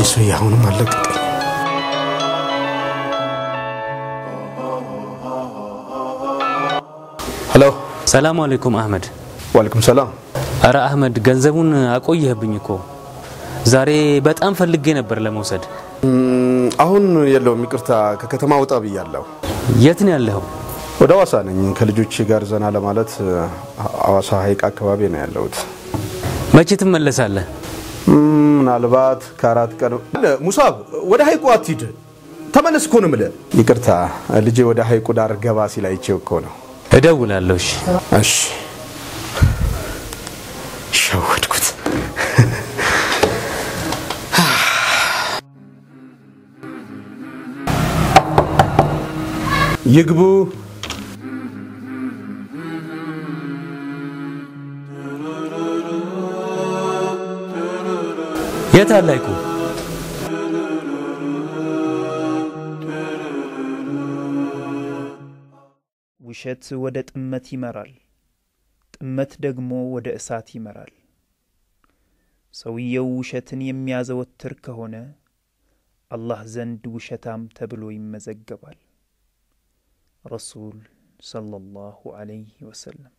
ይህ ሰውዬ አሁንም አልለቀቀኝ። ሄሎ፣ ሰላም አለይኩም አህመድ። ዋለይኩም ሰላም። አረ አህመድ ገንዘቡን አቆየህብኝ እኮ ዛሬ በጣም ፈልጌ ነበር ለመውሰድ። አሁን የለውም፣ ይቅርታ። ከከተማ ውጣ ብያለሁ። የት ነው ያለኸው? ወደ አዋሳ ነኝ። ከልጆች ጋር ዘና ለማለት አዋሳ ሀይቅ አካባቢ ነው ያለሁት። መቼ ትመለሳለህ? ምናልባት ከአራት ቀን ሙሳብ ወደ ሀይቁ አትሂድ፣ ተመለስ እኮ ነው የምልህ። ይቅርታ ልጄ ወደ ሀይቁ ዳር ገባ ሲል አይቼው እኮ ነው። እደውላለሁ። እሺ፣ ሸወድኩት። ይግቡ የት አለ ሐይቁ? ውሸት ወደ ጥመት ይመራል፣ ጥመት ደግሞ ወደ እሳት ይመራል። ሰውየው ውሸትን የሚያዘወትር ከሆነ አላህ ዘንድ ውሸታም ተብሎ ይመዘገባል። ረሱል ሰለላሁ ዐለይሂ ወሰለም